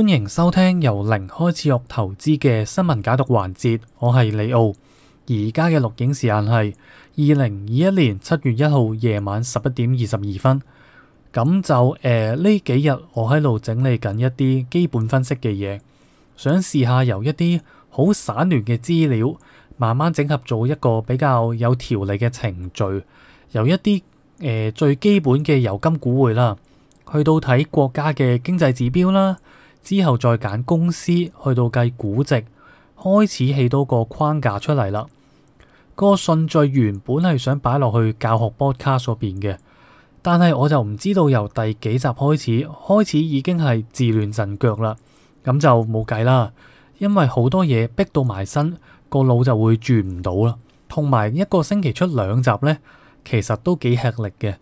歡迎收聽由零開始學投資嘅新聞解讀環節，我係李奧。而家嘅錄影時間係二零二一年七月一號夜晚十一點二十二分。咁就誒呢、呃、幾日我喺度整理緊一啲基本分析嘅嘢，想試下由一啲好散亂嘅資料慢慢整合，做一個比較有條理嘅程序。由一啲誒、呃、最基本嘅油金股匯啦，去到睇國家嘅經濟指標啦。之後再揀公司去到計估值，開始起到個框架出嚟啦。個順序原本係想擺落去教學波卡嗰邊嘅，但係我就唔知道由第幾集開始，開始已經係自亂陣腳啦。咁就冇計啦，因為好多嘢逼到埋身，個腦就會轉唔到啦。同埋一個星期出兩集咧，其實都幾吃力嘅，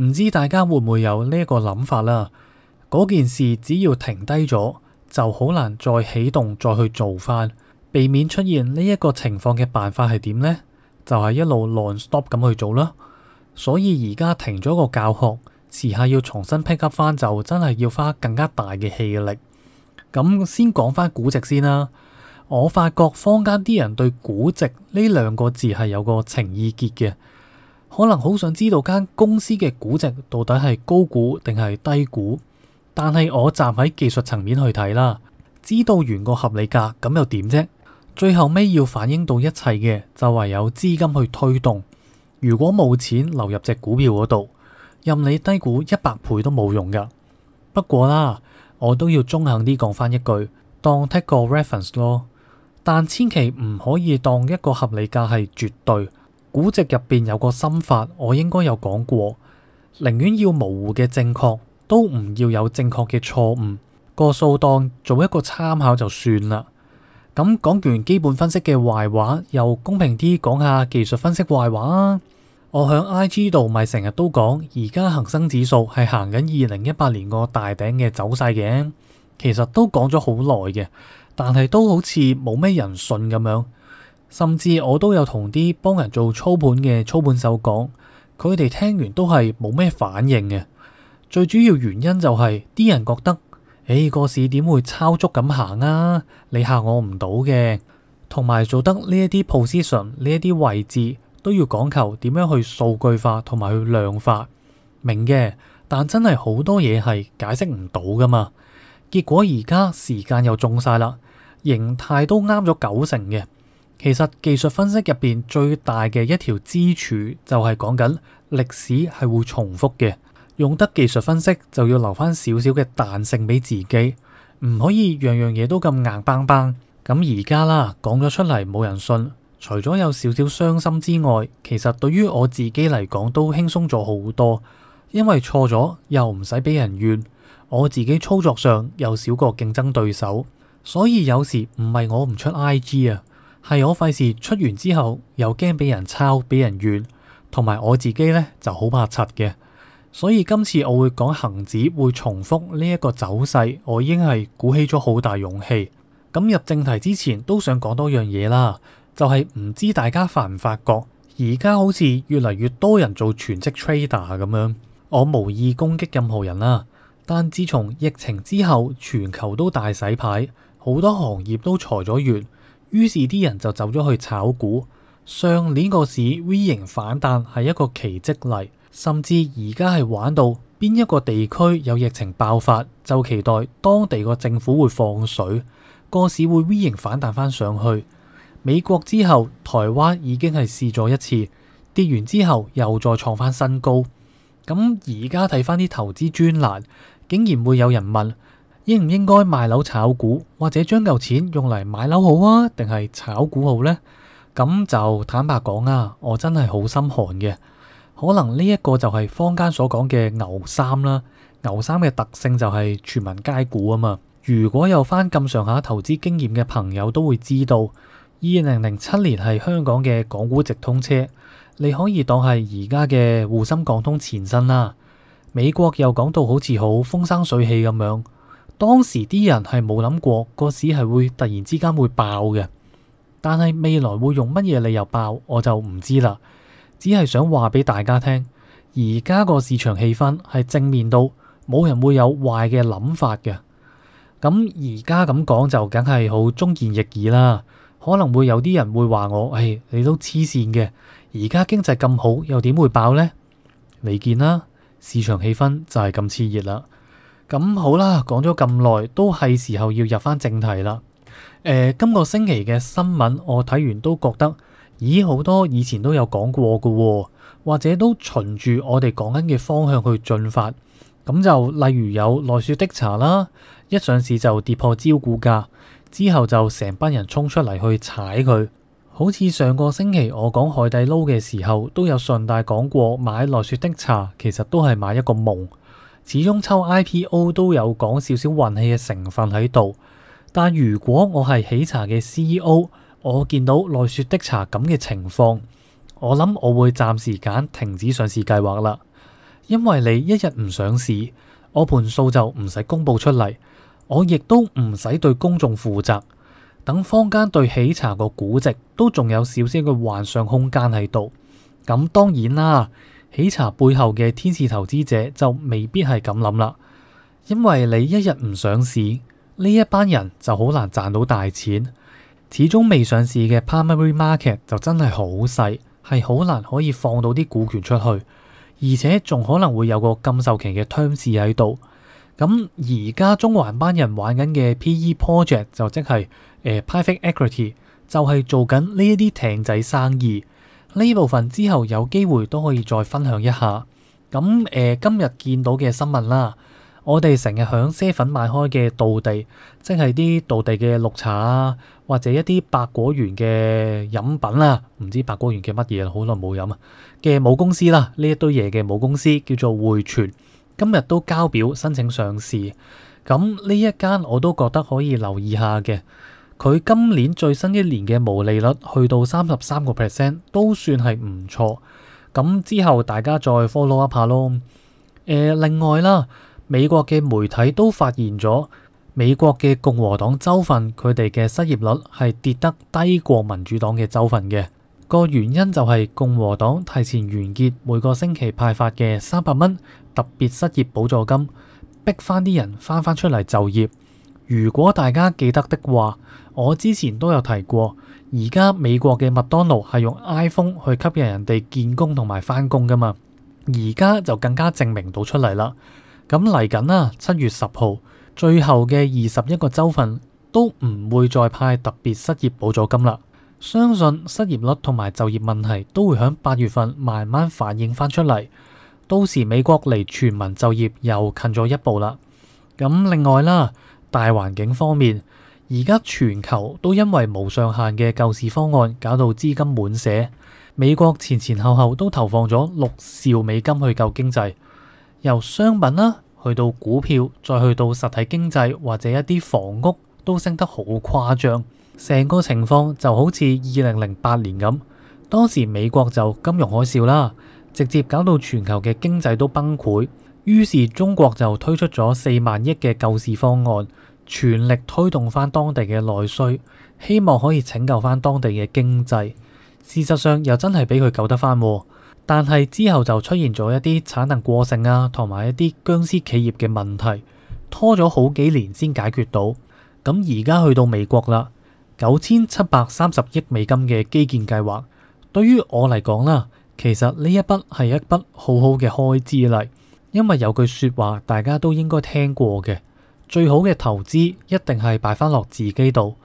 唔知大家會唔會有呢一個諗法啦？嗰件事只要停低咗，就好難再啟動再去做翻。避免出現呢一個情況嘅辦法係點呢？就係、是、一路 non-stop 咁去做啦。所以而家停咗個教學，遲下要重新 pick up 翻，就真係要花更加大嘅氣力。咁先講翻估值先啦。我發覺坊間啲人對估值呢兩個字係有個情意結嘅，可能好想知道間公司嘅估值到底係高估定係低估。但係我站喺技術層面去睇啦，知道完個合理價咁又點啫？最後尾要反映到一切嘅就唯有資金去推動。如果冇錢流入隻股票嗰度，任你低估一百倍都冇用噶。不過啦，我都要中肯啲講翻一句，當 take 個 reference 咯。但千祈唔可以當一個合理價係絕對。估值入邊有個心法，我應該有講過，寧願要模糊嘅正確。都唔要有正確嘅錯誤，個數當做一個參考就算啦。咁、嗯、講完基本分析嘅壞話，又公平啲講下技術分析壞話啊！我響 IG 度咪成日都講，而家恒生指數係行緊二零一八年個大頂嘅走勢嘅，其實都講咗好耐嘅，但係都好似冇咩人信咁樣。甚至我都有同啲幫人做操盤嘅操盤手講，佢哋聽完都係冇咩反應嘅。最主要原因就係啲人覺得，誒，個市點會抄足咁行啊？你嚇我唔到嘅，同埋做得呢一啲 position 呢一啲位置都要講求點樣去數據化同埋去量化，明嘅？但真係好多嘢係解釋唔到噶嘛？結果而家時間又中晒啦，形態都啱咗九成嘅。其實技術分析入邊最大嘅一條支柱就係講緊歷史係會重複嘅。用得技術分析就要留翻少少嘅彈性俾自己，唔可以樣樣嘢都咁硬邦邦。咁而家啦，講咗出嚟冇人信，除咗有少少傷心之外，其實對於我自己嚟講都輕鬆咗好多。因為錯咗又唔使俾人怨，我自己操作上又少個競爭對手，所以有時唔係我唔出 IG 啊，係我費事出完之後又驚俾人抄俾人怨，同埋我自己呢就好怕柒嘅。所以今次我會講恆指會重複呢一個走勢，我已經係鼓起咗好大勇氣。咁入正題之前，都想講多樣嘢啦，就係、是、唔知大家發唔發覺，而家好似越嚟越多人做全職 trader 咁樣。我無意攻擊任何人啦，但自從疫情之後，全球都大洗牌，好多行業都裁咗員，於是啲人就走咗去炒股。上年個市 V 型反彈係一個奇跡嚟。甚至而家係玩到邊一個地區有疫情爆發，就期待當地個政府會放水，個市會 V 型反彈翻上去。美國之後，台灣已經係試咗一次，跌完之後又再創翻新高。咁而家睇翻啲投資專欄，竟然會有人問應唔應該賣樓炒股，或者將嚿錢用嚟買樓好啊，定係炒股好呢？嗯，咁就坦白講啊，我真係好心寒嘅。可能呢一個就係坊間所講嘅牛三啦，牛三嘅特性就係全民皆股啊嘛。如果有翻咁上下投資經驗嘅朋友都會知道，二零零七年係香港嘅港股直通車，你可以當係而家嘅滬深港通前身啦。美國又講到好似好風生水起咁樣，當時啲人係冇諗過個市係會突然之間會爆嘅，但係未來會用乜嘢理由爆，我就唔知啦。只係想話俾大家聽，而家個市場氣氛係正面到冇人會有壞嘅諗法嘅。咁而家咁講就梗係好忠言逆耳啦，可能會有啲人會話我：唉、哎，你都黐線嘅，而家經濟咁好，又點會爆呢？你見啦，市場氣氛就係咁熾熱啦。咁好啦，講咗咁耐，都係時候要入翻正題啦。呃，今個星期嘅新聞我睇完都覺得。咦，好多以前都有講過嘅喎，或者都循住我哋講緊嘅方向去進發，咁就例如有奈雪的茶啦，一上市就跌破招股價，之後就成班人衝出嚟去踩佢，好似上個星期我講海底撈嘅時候，都有順帶講過買奈雪的茶其實都係買一個夢，始終抽 IPO 都有講少少運氣嘅成分喺度，但如果我係喜茶嘅 CEO，我見到奈雪的茶咁嘅情況，我諗我會暫時揀停止上市計劃啦。因為你一日唔上市，我盤數就唔使公佈出嚟，我亦都唔使對公眾負責。等坊間對喜茶個估值都仲有少少嘅幻想空間喺度。咁當然啦，喜茶背後嘅天使投資者就未必係咁諗啦。因為你一日唔上市，呢一班人就好難賺到大錢。始終未上市嘅 primary market 就真係好細，係好難可以放到啲股權出去，而且仲可能會有個咁受期嘅 terms 喺度。咁而家中環班人玩緊嘅 PE project 就即係誒 private equity，就係做緊呢一啲艇仔生意。呢部分之後有機會都可以再分享一下。咁、嗯、誒、呃、今日見到嘅新聞啦。我哋成日響啡粉賣開嘅道地，即係啲道地嘅綠茶啊，或者一啲百果園嘅飲品啦，唔知百果園嘅乜嘢，好耐冇飲啊嘅母公司啦，呢一堆嘢嘅母公司叫做匯泉，今日都交表申請上市，咁呢一間我都覺得可以留意下嘅，佢今年最新一年嘅毛利率去到三十三個 percent，都算係唔錯，咁之後大家再 follow 一下咯，誒、呃、另外啦。美國嘅媒體都發現咗，美國嘅共和黨州份佢哋嘅失業率係跌得低過民主黨嘅州份嘅。個原因就係共和黨提前完結每個星期派發嘅三百蚊特別失業補助金，逼翻啲人翻翻出嚟就業。如果大家記得的話，我之前都有提過，而家美國嘅麥當勞係用 iPhone 去吸引人哋見工同埋翻工噶嘛，而家就更加證明到出嚟啦。咁嚟緊啦，七月十號最後嘅二十一個州份都唔會再派特別失業補助金啦。相信失業率同埋就業問題都會響八月份慢慢反映翻出嚟。到時美國離全民就業又近咗一步啦。咁另外啦，大環境方面，而家全球都因為無上限嘅救市方案搞到資金滿瀉，美國前前后後都投放咗六兆美金去救經濟。由商品啦、啊，去到股票，再去到實體經濟或者一啲房屋，都升得好誇張。成個情況就好似二零零八年咁，當時美國就金融海嘯啦，直接搞到全球嘅經濟都崩潰。於是中國就推出咗四萬億嘅救市方案，全力推動翻當地嘅內需，希望可以拯救翻當地嘅經濟。事實上又真係俾佢救得翻喎、啊。但係之後就出現咗一啲產能過剩啊，同埋一啲僵屍企業嘅問題，拖咗好幾年先解決到。咁而家去到美國啦，九千七百三十億美金嘅基建計劃，對於我嚟講啦，其實呢一筆係一筆好好嘅開支嚟，因為有句說話，大家都應該聽過嘅，最好嘅投資一定係擺翻落自己度。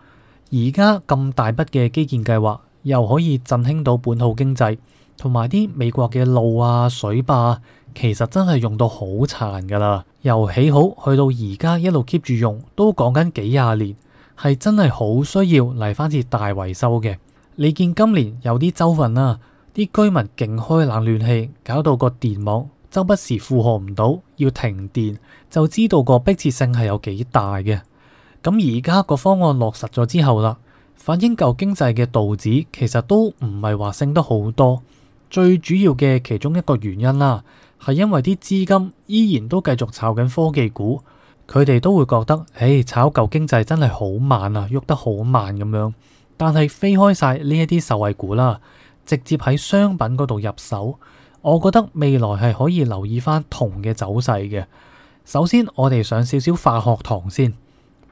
而家咁大筆嘅基建計劃，又可以振興到本土經濟。同埋啲美國嘅路啊、水壩啊，其實真係用到好殘㗎啦。由起好去到而家一路 keep 住用，都講緊幾廿年，係真係好需要嚟翻次大維修嘅。你見今年有啲州份啊，啲居民勁開冷暖氣，搞到個電網周不時負荷唔到，要停電，就知道個迫切性係有幾大嘅。咁而家個方案落實咗之後啦，反映舊經濟嘅道指其實都唔係話升得好多。最主要嘅其中一個原因啦，係因為啲資金依然都繼續炒緊科技股，佢哋都會覺得，誒，炒舊經濟真係好慢啊，喐得好慢咁樣。但係飛開晒呢一啲受惠股啦，直接喺商品嗰度入手，我覺得未來係可以留意返銅嘅走勢嘅。首先，我哋上少少化學堂先，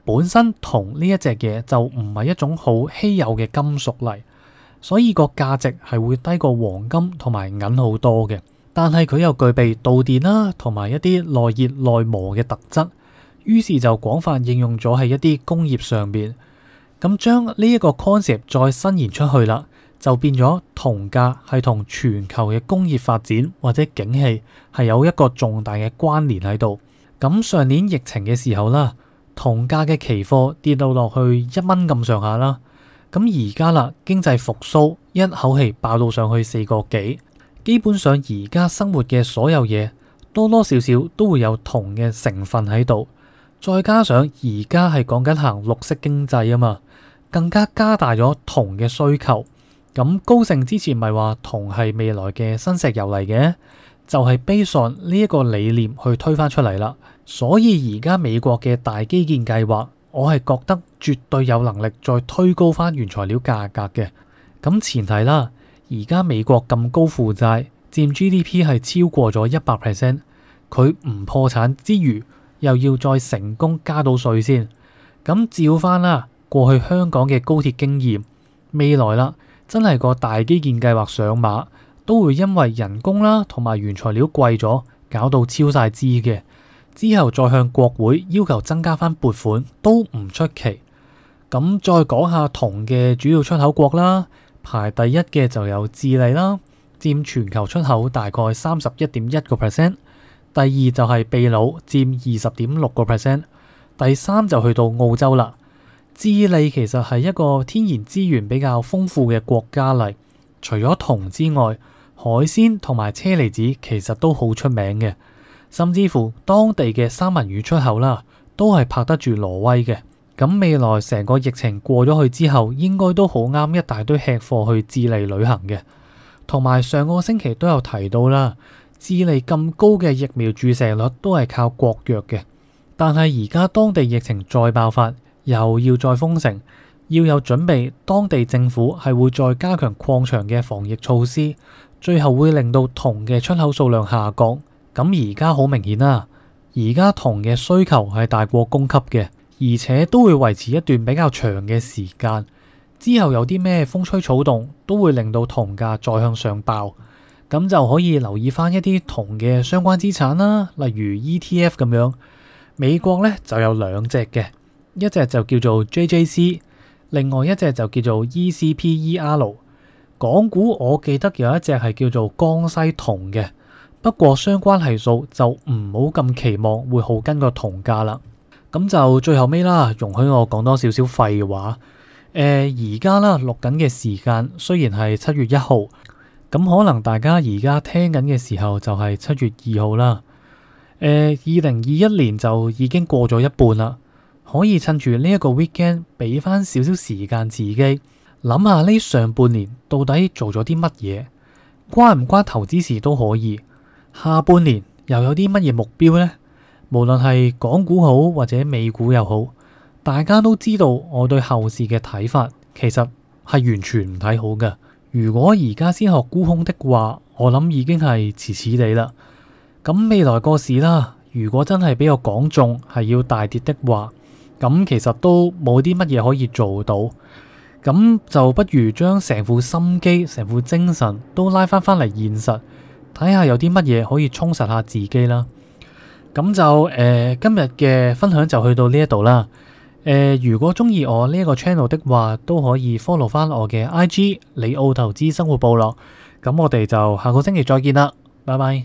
本身銅呢一隻嘢就唔係一種好稀有嘅金屬嚟。所以個價值係會低過黃金同埋銀好多嘅，但係佢又具備導電啦同埋一啲耐熱耐磨嘅特質，於是就廣泛應用咗喺一啲工業上邊。咁將呢一個 concept 再伸延出去啦，就變咗銅價係同全球嘅工業發展或者景氣係有一個重大嘅關聯喺度。咁上年疫情嘅時候啦，銅價嘅期貨跌到落去一蚊咁上下啦。咁而家啦，經濟復甦，一口氣爆到上去四個幾，基本上而家生活嘅所有嘢，多多少少都會有銅嘅成分喺度。再加上而家係講緊行綠色經濟啊嘛，更加加大咗銅嘅需求。咁高盛之前咪話銅係未來嘅新石油嚟嘅，就係 based on 呢一個理念去推返出嚟啦。所以而家美國嘅大基建計劃。我係覺得絕對有能力再推高翻原材料價格嘅，咁前提啦，而家美國咁高負債，佔 GDP 係超過咗一百 percent，佢唔破產之餘，又要再成功加到稅先，咁照翻啦，過去香港嘅高鐵經驗，未來啦真係個大基建計劃上馬，都會因為人工啦同埋原材料貴咗，搞到超晒支嘅。之後再向國會要求增加翻撥款都唔出奇。咁再講下銅嘅主要出口國啦，排第一嘅就有智利啦，佔全球出口大概三十一點一個 percent。第二就係秘魯，佔二十點六個 percent。第三就去到澳洲啦。智利其實係一個天然資源比較豐富嘅國家嚟，除咗銅之外，海鮮同埋車厘子其實都好出名嘅。甚至乎當地嘅三文魚出口啦，都係拍得住挪威嘅。咁未來成個疫情過咗去之後，應該都好啱一大堆吃貨去智利旅行嘅。同埋上個星期都有提到啦，智利咁高嘅疫苗注射率都係靠國藥嘅。但係而家當地疫情再爆發，又要再封城，要有準備。當地政府係會再加強礦場嘅防疫措施，最後會令到銅嘅出口數量下降。咁而家好明顯啦，而家銅嘅需求係大過供給嘅，而且都會維持一段比較長嘅時間。之後有啲咩風吹草動，都會令到銅價再向上爆。咁就可以留意翻一啲銅嘅相關資產啦，例如 ETF 咁樣。美國咧就有兩隻嘅，一隻就叫做 JJC，另外一隻就叫做 ECPER。港股我記得有一隻係叫做江西銅嘅。不過相關係數就唔好咁期望會好跟個同價啦。咁就最後尾啦，容許我講多少少廢話。誒、呃，而家啦錄緊嘅時間雖然係七月一號，咁可能大家而家聽緊嘅時候就係七月二號啦。誒、呃，二零二一年就已經過咗一半啦，可以趁住呢一個 weekend 俾翻少少時間自己諗下呢上半年到底做咗啲乜嘢，關唔關投資事都可以。下半年又有啲乜嘢目標呢？無論係港股好或者美股又好，大家都知道我對後市嘅睇法，其實係完全唔睇好嘅。如果而家先學沽空的話，我諗已經係遲遲地啦。咁未來個市啦，如果真係俾我講中係要大跌的話，咁其實都冇啲乜嘢可以做到。咁就不如將成副心機、成副精神都拉翻翻嚟現實。睇下有啲乜嘢可以充實下自己啦。咁就誒、呃、今日嘅分享就去到呢一度啦。誒、呃、如果中意我呢一個 channel 的話，都可以 follow 翻我嘅 IG 李奧投資生活部落。咁我哋就下個星期再見啦，拜拜。